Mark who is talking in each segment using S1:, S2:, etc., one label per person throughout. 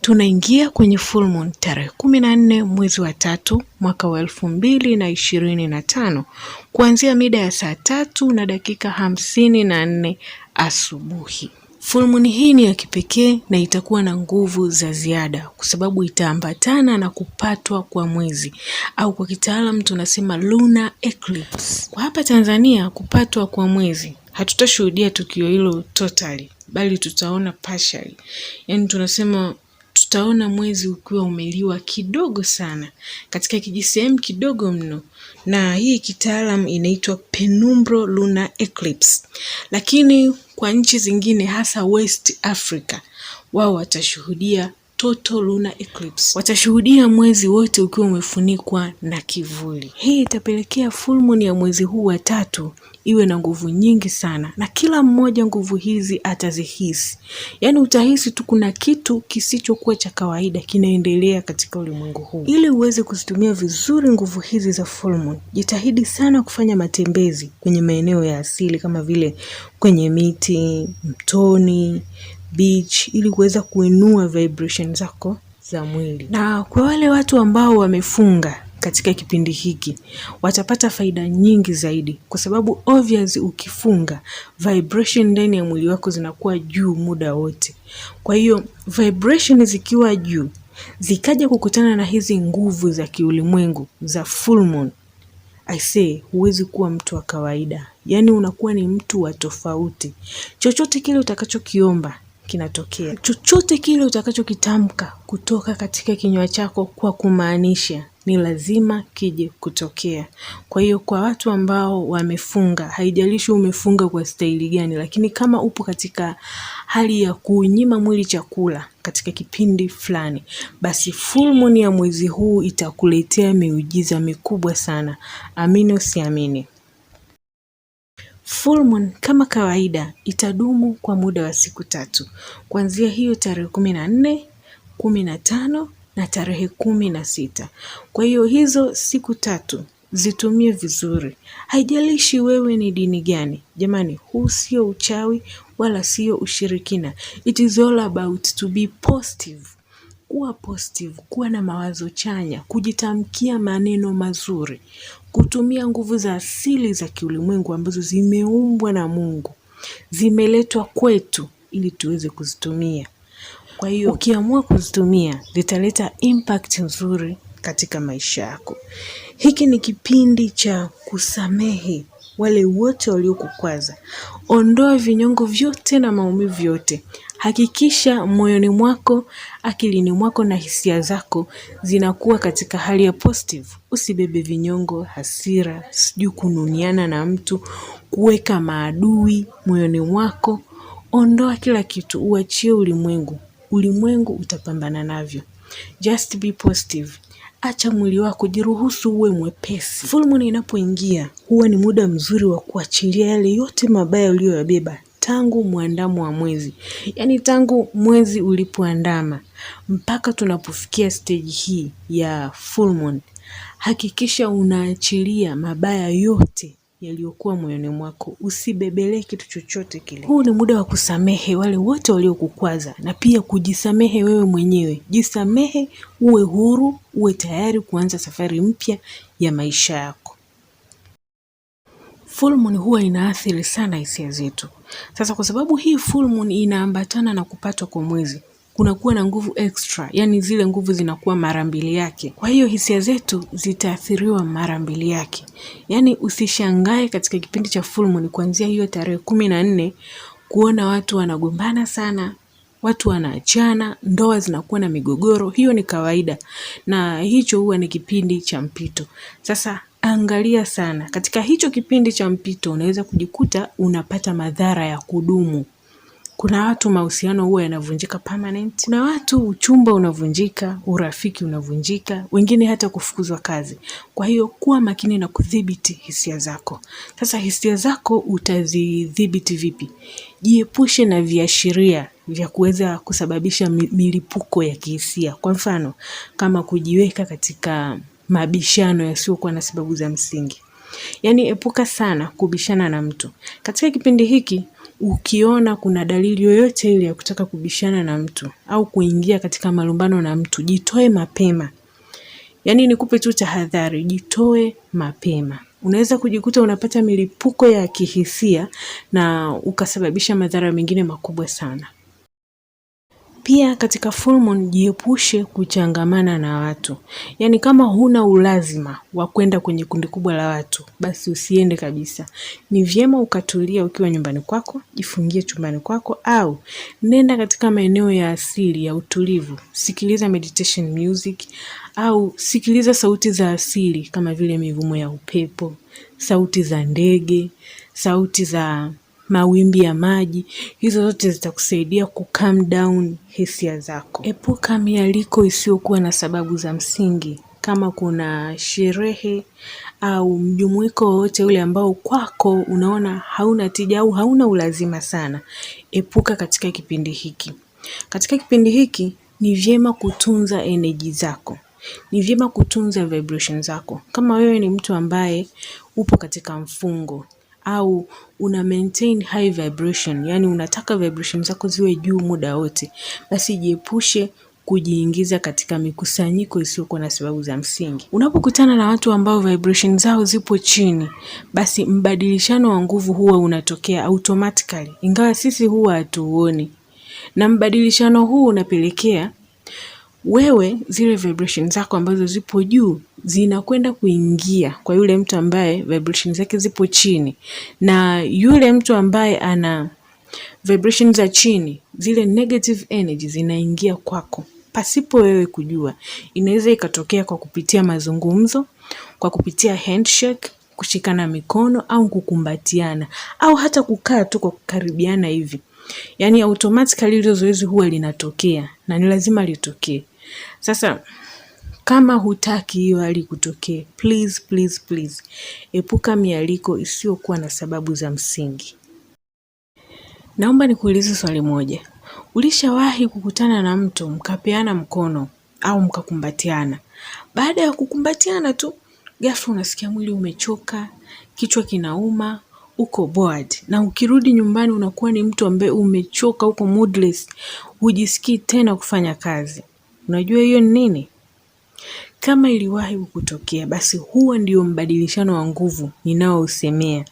S1: Tunaingia kwenye full moon tarehe kumi na nne mwezi wa tatu mwaka wa elfu mbili na ishirini na tano kuanzia mida ya saa tatu na dakika hamsini na nne asubuhi. Full moon hii ni ya kipekee na itakuwa na nguvu za ziada kwa sababu itaambatana na kupatwa kwa mwezi au kwa kitaalamu tunasema lunar eclipse. Kwa hapa Tanzania, kupatwa kwa mwezi hatutashuhudia tukio hilo totally, bali tutaona partially, yani tunasema tutaona mwezi ukiwa umeliwa kidogo sana katika kijisehemu kidogo mno, na hii kitaalam inaitwa penumbro luna eclipse. Lakini kwa nchi zingine hasa West Africa, wao watashuhudia total lunar eclipse. Watashuhudia mwezi wote ukiwa umefunikwa na kivuli. Hii itapelekea full moon ya mwezi huu wa tatu iwe na nguvu nyingi sana, na kila mmoja nguvu hizi atazihisi. Yaani utahisi tu kuna kitu kisichokuwa cha kawaida kinaendelea katika ulimwengu huu. Ili uweze kuzitumia vizuri nguvu hizi za full moon, jitahidi sana kufanya matembezi kwenye maeneo ya asili kama vile kwenye miti, mtoni beach ili kuweza kuinua vibration zako za mwili. Na kwa wale watu ambao wamefunga katika kipindi hiki watapata faida nyingi zaidi, kwa sababu obvious, ukifunga vibration ndani ya mwili wako zinakuwa juu muda wote. Kwa hiyo vibration zikiwa juu zikaja kukutana na hizi nguvu za kiulimwengu za full moon, I say huwezi kuwa mtu wa kawaida, yaani unakuwa ni mtu wa tofauti. Chochote kile utakachokiomba kinatokea. Chochote kile utakachokitamka kutoka katika kinywa chako kwa kumaanisha ni lazima kije kutokea. Kwa hiyo kwa watu ambao wamefunga, haijalishi umefunga kwa staili gani, lakini kama upo katika hali ya kunyima mwili chakula katika kipindi fulani, basi full moon ya mwezi huu itakuletea miujiza mikubwa sana, amini usiamini. Full moon kama kawaida itadumu kwa muda wa siku tatu kuanzia hiyo tarehe kumi na nne, kumi na tano na tarehe kumi na sita. Kwa hiyo hizo siku tatu zitumie vizuri, haijalishi wewe ni dini gani. Jamani, huu sio uchawi wala sio ushirikina. It is all about to be positive. Kuwa positive, kuwa na mawazo chanya, kujitamkia maneno mazuri kutumia nguvu za asili za kiulimwengu ambazo zimeumbwa na Mungu, zimeletwa kwetu ili tuweze kuzitumia. Kwa hiyo ukiamua kuzitumia zitaleta impact nzuri katika maisha yako. Hiki ni kipindi cha kusamehe wale wote waliokukwaza. Ondoa vinyongo vyote na maumivu yote. Hakikisha moyoni mwako, akilini mwako na hisia zako zinakuwa katika hali ya positive. Usibebe vinyongo, hasira, sijui kununiana na mtu, kuweka maadui moyoni mwako. Ondoa kila kitu, uachie ulimwengu. Ulimwengu utapambana navyo. Just be positive. Acha mwili wako, jiruhusu uwe mwepesi. Full moon inapoingia huwa ni muda mzuri wa kuachilia yale yote mabaya uliyoyabeba tangu mwandamo wa mwezi, yaani tangu mwezi ulipoandama mpaka tunapofikia stage hii ya full moon. Hakikisha unaachilia mabaya yote yaliyokuwa moyoni mwako. Usibebelee kitu chochote kile. Huu ni muda wa kusamehe wale wote waliokukwaza na pia kujisamehe wewe mwenyewe. Jisamehe, uwe huru, uwe tayari kuanza safari mpya ya maisha yako. Full moon huwa inaathiri sana hisia zetu. Sasa kwa sababu hii full moon inaambatana na kupatwa kwa mwezi, kunakuwa na nguvu extra, yani zile nguvu zinakuwa mara mbili yake. Kwa hiyo hisia zetu zitaathiriwa mara mbili yake, yani usishangae katika kipindi cha full moon kuanzia hiyo tarehe kumi na nne kuona watu wanagombana sana, watu wanaachana, ndoa zinakuwa na migogoro. Hiyo ni kawaida, na hicho huwa ni kipindi cha mpito. Sasa angalia sana katika hicho kipindi cha mpito, unaweza kujikuta unapata madhara ya kudumu. Kuna watu mahusiano huwa yanavunjika permanent. Kuna watu uchumba unavunjika, urafiki unavunjika, wengine hata kufukuzwa kazi. Kwa hiyo kuwa makini na kudhibiti hisia zako. Sasa hisia zako utazidhibiti vipi? Jiepushe na viashiria vya kuweza kusababisha milipuko ya kihisia. Kwa mfano, kama kujiweka katika mabishano yasiyokuwa na sababu za msingi. Yaani epuka sana kubishana na mtu. Katika kipindi hiki ukiona kuna dalili yoyote ile ya kutaka kubishana na mtu au kuingia katika malumbano na mtu, jitoe mapema. Yaani nikupe tu tahadhari, jitoe mapema. Unaweza kujikuta unapata milipuko ya kihisia na ukasababisha madhara mengine makubwa sana. Pia katika full moon jiepushe kuchangamana na watu, yaani kama huna ulazima wa kwenda kwenye kundi kubwa la watu, basi usiende kabisa. Ni vyema ukatulia ukiwa nyumbani kwako, jifungie chumbani kwako, au nenda katika maeneo ya asili ya utulivu, sikiliza meditation music au sikiliza sauti za asili kama vile mivumo ya upepo, sauti za ndege, sauti za mawimbi ya maji, hizo zote zitakusaidia ku calm down hisia zako. Epuka mialiko isiyokuwa na sababu za msingi kama kuna sherehe au mjumuiko wowote ule ambao kwako unaona hauna tija au hauna ulazima sana, epuka katika kipindi hiki. Katika kipindi hiki ni vyema kutunza energy zako, ni vyema kutunza vibration zako. Kama wewe ni mtu ambaye upo katika mfungo, au una maintain high vibration, yani unataka vibration zako ziwe juu muda wote, basi jiepushe kujiingiza katika mikusanyiko isiyokuwa na sababu za msingi. Unapokutana na watu ambao vibration zao zipo chini, basi mbadilishano wa nguvu huwa unatokea automatically, ingawa sisi huwa hatuuoni, na mbadilishano huu unapelekea wewe zile vibration zako ambazo zipo juu zinakwenda kuingia kwa yule mtu ambaye vibration zake zipo chini, na yule mtu ambaye ana vibration za chini, zile negative energy zinaingia kwako pasipo wewe kujua. Inaweza ikatokea kwa kupitia mazungumzo, kwa kupitia handshake, kushikana mikono au kukumbatiana, au hata kukaa tu kwa kukaribiana hivi. Yaani automatically hilo zoezi huwa linatokea na ni lazima litokee. Sasa kama hutaki hiyo hali kutokee, please please please, epuka mialiko isiyokuwa na sababu za msingi. Naomba nikuulize swali moja, ulishawahi kukutana na mtu mkapeana mkono au mkakumbatiana? Baada ya kukumbatiana tu ghafla unasikia mwili umechoka, kichwa kinauma, uko bored, na ukirudi nyumbani unakuwa ni mtu ambaye umechoka, uko moodless, hujisikii tena kufanya kazi. Unajua hiyo ni nini? Kama iliwahi kukutokea, basi huo ndio mbadilishano wa nguvu ninaousemea.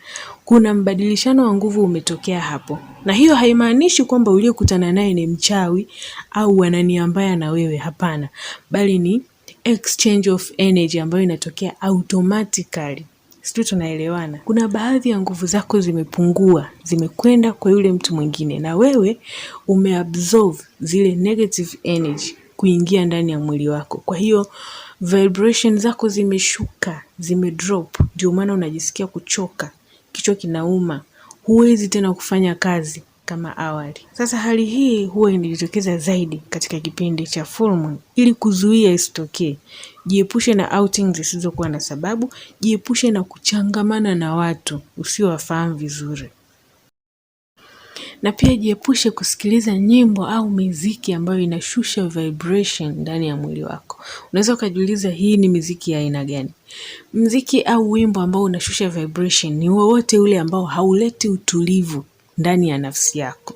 S1: Kuna mbadilishano wa nguvu umetokea hapo, na hiyo haimaanishi kwamba uliyekutana naye ni mchawi au wanani ambaye na wewe. Hapana, bali ni exchange of energy ambayo inatokea automatically. Sisi tunaelewana. Kuna baadhi ya nguvu zako zimepungua, zimekwenda kwa yule mtu mwingine, na wewe umeabsorb zile negative energy kuingia ndani ya mwili wako. Kwa hiyo vibration zako zimeshuka, zimedrop, ndio maana unajisikia kuchoka, kichwa kinauma, huwezi tena kufanya kazi kama awali. Sasa hali hii huwa inajitokeza zaidi katika kipindi cha full moon. Ili kuzuia isitokee, jiepushe na outings zisizokuwa na sababu, jiepushe na kuchangamana na watu usiowafahamu vizuri na pia jiepushe kusikiliza nyimbo au miziki ambayo inashusha vibration ndani ya mwili wako. Unaweza ukajiuliza hii ni miziki ya aina gani? Mziki au wimbo ambao unashusha vibration ni wowote ule ambao hauleti utulivu ndani ya nafsi yako.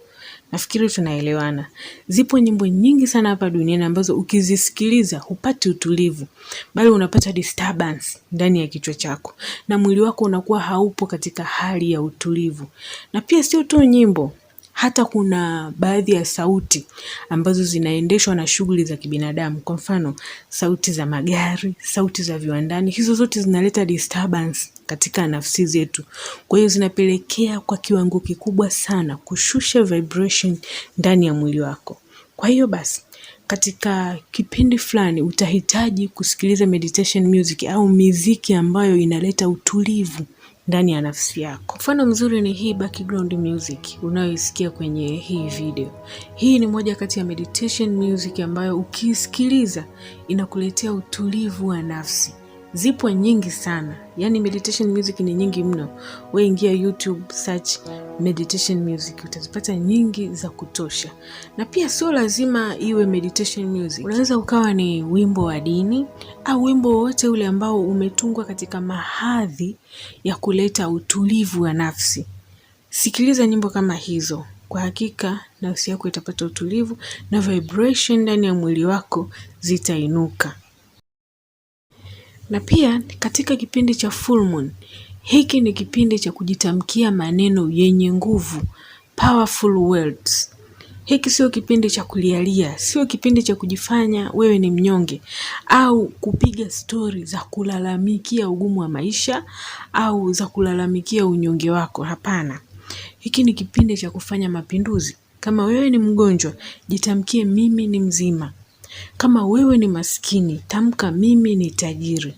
S1: Nafikiri tunaelewana. Zipo nyimbo nyingi sana hapa duniani ambazo ukizisikiliza hupati utulivu, bali unapata disturbance ndani ya kichwa chako, na mwili wako unakuwa haupo katika hali ya utulivu. Na pia sio tu nyimbo, hata kuna baadhi ya sauti ambazo zinaendeshwa na shughuli za kibinadamu, kwa mfano sauti za magari, sauti za viwandani, hizo zote zinaleta disturbance katika nafsi zetu. Kwa hiyo zinapelekea kwa kiwango kikubwa sana kushusha vibration ndani ya mwili wako. Kwa hiyo basi katika kipindi fulani utahitaji kusikiliza meditation music au miziki ambayo inaleta utulivu ndani ya nafsi yako. Mfano mzuri ni hii background music unayoisikia kwenye hii video. Hii ni moja kati ya meditation music ambayo ukiisikiliza inakuletea utulivu wa nafsi zipo nyingi sana, yani meditation music ni nyingi mno. We ingia YouTube search meditation music, utazipata nyingi za kutosha, na pia sio lazima iwe meditation music. Unaweza ukawa ni wimbo wa dini au wimbo wowote ule ambao umetungwa katika mahadhi ya kuleta utulivu wa nafsi. Sikiliza nyimbo kama hizo, kwa hakika nafsi yako itapata utulivu na vibration ndani ya mwili wako zitainuka na pia katika kipindi cha full moon, hiki ni kipindi cha kujitamkia maneno yenye nguvu, powerful words. Hiki sio kipindi cha kulialia, sio kipindi cha kujifanya wewe ni mnyonge au kupiga stori za kulalamikia ugumu wa maisha au za kulalamikia unyonge wako. Hapana, hiki ni kipindi cha kufanya mapinduzi. Kama wewe ni mgonjwa, jitamkie mimi ni mzima. Kama wewe ni maskini, tamka mimi ni tajiri.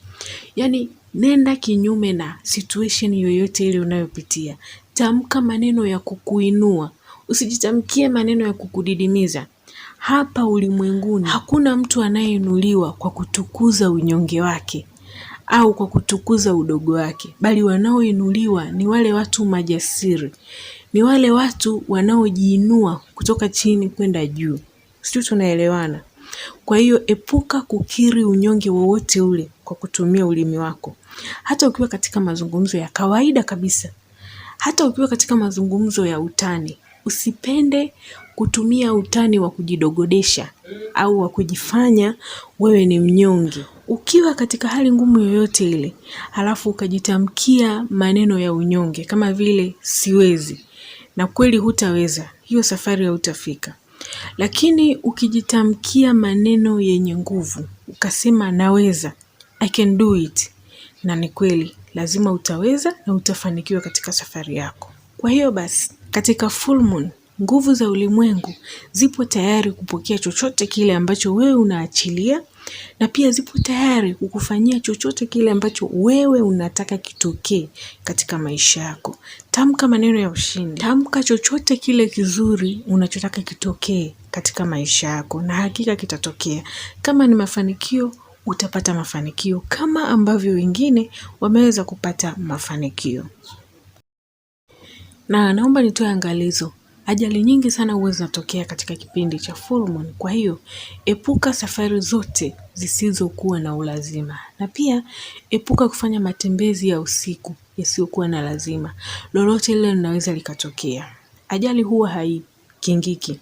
S1: Yaani nenda kinyume na situation yoyote ile unayopitia. Tamka maneno ya kukuinua. Usijitamkie maneno ya kukudidimiza. Hapa ulimwenguni hakuna mtu anayeinuliwa kwa kutukuza unyonge wake au kwa kutukuza udogo wake, bali wanaoinuliwa ni wale watu majasiri, ni wale watu wanaojiinua kutoka chini kwenda juu. Sijui tunaelewana. Kwa hiyo epuka kukiri unyonge wowote ule kwa kutumia ulimi wako, hata ukiwa katika mazungumzo ya kawaida kabisa, hata ukiwa katika mazungumzo ya utani. Usipende kutumia utani wa kujidogodesha au wa kujifanya wewe ni mnyonge. Ukiwa katika hali ngumu yoyote ile, halafu ukajitamkia maneno ya unyonge kama vile siwezi, na kweli hutaweza, hiyo safari hautafika. Lakini ukijitamkia maneno yenye nguvu, ukasema naweza, I can do it, na ni kweli lazima utaweza na utafanikiwa katika safari yako. Kwa hiyo basi, katika full moon, nguvu za ulimwengu zipo tayari kupokea chochote kile ambacho wewe unaachilia na pia zipo tayari kukufanyia chochote kile ambacho wewe unataka kitokee katika maisha yako. Tamka maneno ya ushindi, tamka chochote kile kizuri unachotaka kitokee katika maisha yako, na hakika kitatokea. Kama ni mafanikio utapata mafanikio kama ambavyo wengine wameweza kupata mafanikio. Na naomba nitoe angalizo, Ajali nyingi sana huwa zinatokea katika kipindi cha full moon. Kwa hiyo epuka safari zote zisizokuwa na ulazima, na pia epuka kufanya matembezi ya usiku yasiyokuwa na lazima. Lolote lile linaweza likatokea. Ajali huwa haikingiki,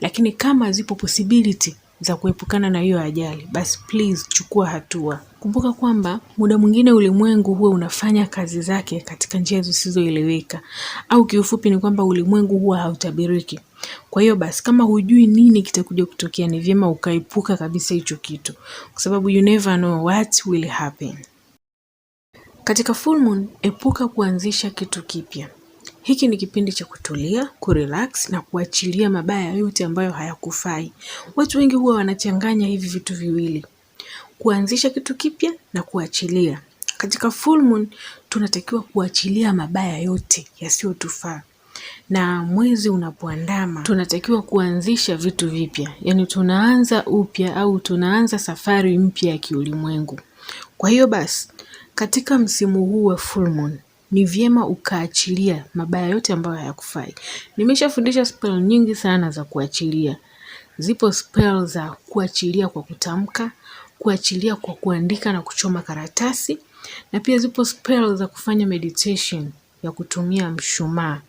S1: lakini kama zipo possibility za kuepukana na hiyo ajali, basi please chukua hatua. Kumbuka kwamba muda mwingine ulimwengu huwa unafanya kazi zake katika njia zisizoeleweka, au kiufupi ni kwamba ulimwengu huwa hautabiriki. Kwa hiyo basi, kama hujui nini kitakuja kutokea, ni vyema ukaepuka kabisa hicho kitu, kwa sababu you never know what will happen. Katika full moon, epuka kuanzisha kitu kipya. Hiki ni kipindi cha kutulia, kurelax na kuachilia mabaya yote ambayo hayakufai. Watu wengi huwa wanachanganya hivi vitu viwili kuanzisha kitu kipya na kuachilia. Katika full moon tunatakiwa kuachilia mabaya yote yasiyotufaa, na mwezi unapoandama tunatakiwa kuanzisha vitu vipya, yaani tunaanza upya au tunaanza safari mpya ya kiulimwengu. Kwa hiyo basi, katika msimu huu wa full moon ni vyema ukaachilia mabaya yote ambayo hayakufai. Nimeshafundisha spell nyingi sana za kuachilia. Zipo spell za kuachilia kwa kutamka, kuachilia kwa kuandika na kuchoma karatasi, na pia zipo spell za kufanya meditation ya kutumia mshumaa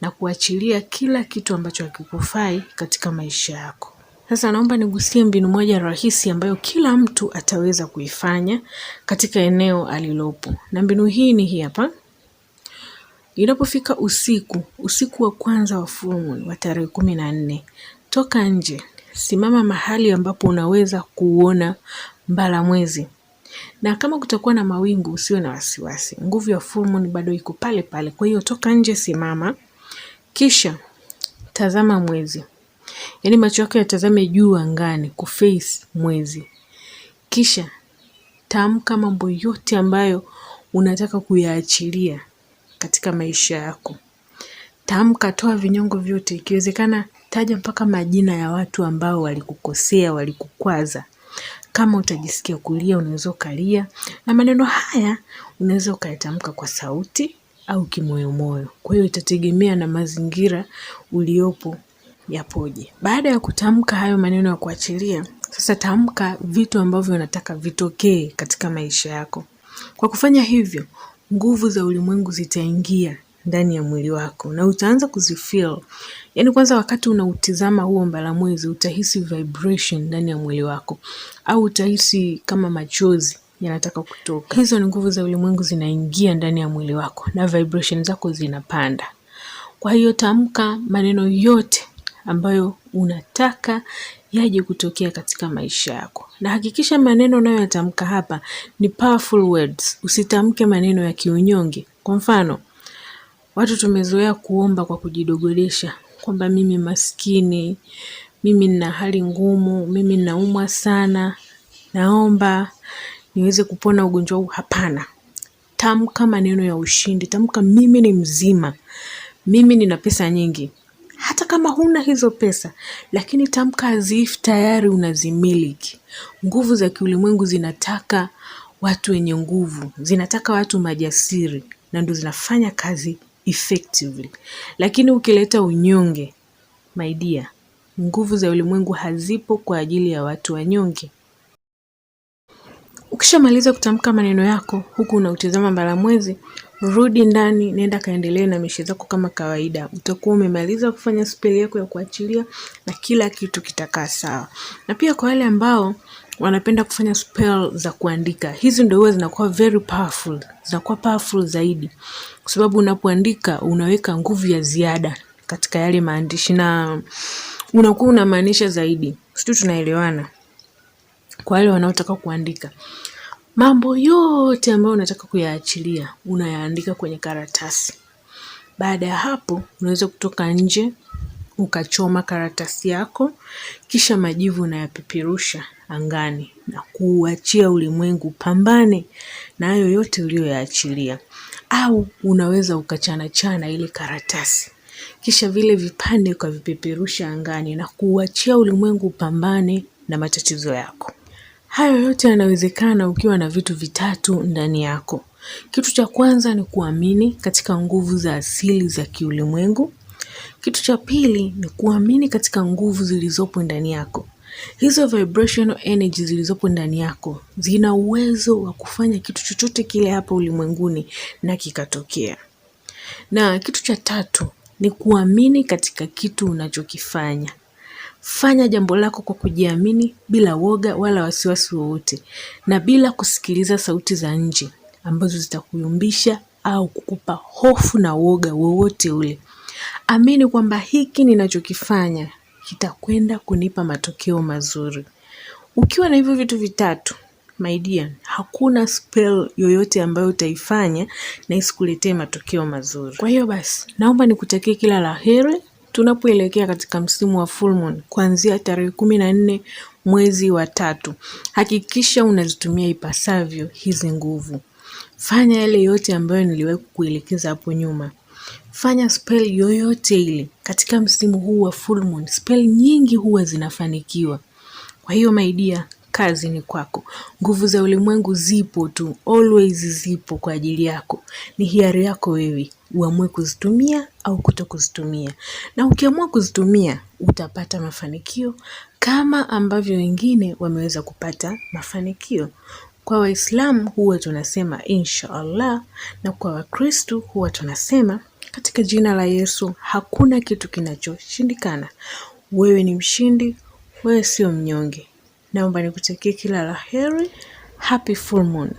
S1: na kuachilia kila kitu ambacho hakikufai katika maisha yako. Sasa naomba nigusie mbinu moja rahisi ambayo kila mtu ataweza kuifanya katika eneo alilopo, na mbinu hii ni hii hapa. Inapofika usiku, usiku wa kwanza wa full moon wa tarehe kumi na nne, toka nje, simama mahali ambapo unaweza kuona mwezi na kama kutakuwa na mawingu usiwe na wasiwasi, nguvu ya full bado iko pale pale. Kwa hiyo toka nje, simama, kisha tazama mwezi, yaani macho yako yatazame juu angani, kuface mwezi, kisha tamka mambo yote ambayo unataka kuyaachilia katika maisha yako. Tamka, toa vinyongo vyote, ikiwezekana taja mpaka majina ya watu ambao walikukosea, walikukwaza kama utajisikia kulia, unaweza ukalia, na maneno haya unaweza ukayatamka kwa sauti au kimoyomoyo. Kwa hiyo itategemea na mazingira uliopo yapoje. Baada ya kutamka hayo maneno ya kuachilia, sasa tamka vitu ambavyo unataka vitokee katika maisha yako. Kwa kufanya hivyo, nguvu za ulimwengu zitaingia ndani ya mwili wako na utaanza kuzifeel. Yaani kwanza wakati unautizama huo mbalamwezi utahisi vibration ndani ya mwili wako au utahisi kama machozi yanataka kutoka. Hizo ni nguvu za ulimwengu zinaingia ndani ya mwili wako na vibration zako zinapanda. Kwa hiyo tamka maneno yote ambayo unataka yaje kutokea katika maisha yako, na hakikisha maneno unayoyatamka hapa ni powerful words. Usitamke maneno ya kiunyonge. Kwa mfano, Watu tumezoea kuomba kwa kujidogolesha kwamba mimi maskini, mimi nina hali ngumu, mimi naumwa sana, naomba niweze kupona ugonjwa huu. Hapana, tamka maneno ya ushindi, tamka mimi ni mzima, mimi nina pesa nyingi. Hata kama huna hizo pesa, lakini tamka as if tayari unazimiliki. Nguvu za kiulimwengu zinataka watu wenye nguvu, zinataka watu majasiri, na ndo zinafanya kazi effectively. Lakini ukileta unyonge, my dear, nguvu za ulimwengu hazipo kwa ajili ya watu wanyonge. Ukishamaliza kutamka maneno yako huku unautizama mwezi rudi ndani, nenda kaendelee na mishe zako kama kawaida. Utakuwa umemaliza kufanya speli yako ya kuachilia na kila kitu kitakaa sawa. Na pia kwa wale ambao wanapenda kufanya spell za kuandika. Hizi ndio huwa zinakuwa very powerful, zinakuwa powerful zaidi, kwa sababu unapoandika unaweka nguvu ya ziada katika yale maandishi na unakuwa unamaanisha zaidi. situ tunaelewana? Kwa wale wanaotaka kuandika mambo yote ambayo unataka kuyaachilia unayaandika kwenye karatasi. Baada ya hapo, unaweza kutoka nje ukachoma karatasi yako, kisha majivu unayapeperusha angani na kuuachia ulimwengu pambane na hayo yote uliyoyaachilia. Au unaweza ukachanachana ile karatasi kisha vile vipande ukavipeperusha angani na kuuachia ulimwengu upambane na matatizo yako. Hayo yote yanawezekana ukiwa na vitu vitatu ndani yako. Kitu cha kwanza ni kuamini katika nguvu za asili za kiulimwengu. Kitu cha pili ni kuamini katika nguvu zilizopo ndani yako hizo vibrational energy zilizopo ndani yako zina uwezo wa kufanya kitu chochote kile hapa ulimwenguni na kikatokea. Na kitu cha tatu ni kuamini katika kitu unachokifanya. Fanya jambo lako kwa kujiamini bila woga wala wasiwasi wowote, na bila kusikiliza sauti za nje ambazo zitakuyumbisha au kukupa hofu na woga wowote ule. Amini kwamba hiki ninachokifanya kitakwenda kunipa matokeo mazuri. Ukiwa na hivyo vitu vitatu my dear, hakuna spell yoyote ambayo utaifanya na isikuletee matokeo mazuri. Kwa hiyo basi, naomba nikutakie kila la heri tunapoelekea katika msimu wa full moon kuanzia tarehe kumi na nne mwezi wa tatu. Hakikisha unazitumia ipasavyo hizi nguvu. Fanya yale yote ambayo niliwahi kukuelekeza hapo nyuma. Fanya spell yoyote ile katika msimu huu wa full moon, spell nyingi huwa zinafanikiwa. Kwa hiyo maidia kazi ni kwako. Nguvu za ulimwengu zipo tu, always zipo kwa ajili yako. Ni hiari yako wewe uamue kuzitumia au kuto kuzitumia, na ukiamua kuzitumia utapata mafanikio kama ambavyo wengine wameweza kupata mafanikio. Kwa Waislamu huwa tunasema inshaallah na kwa Wakristu huwa tunasema katika jina la Yesu hakuna kitu kinachoshindikana. Wewe ni mshindi, wewe sio mnyonge. Naomba nikutakie kila la heri. Happy full moon.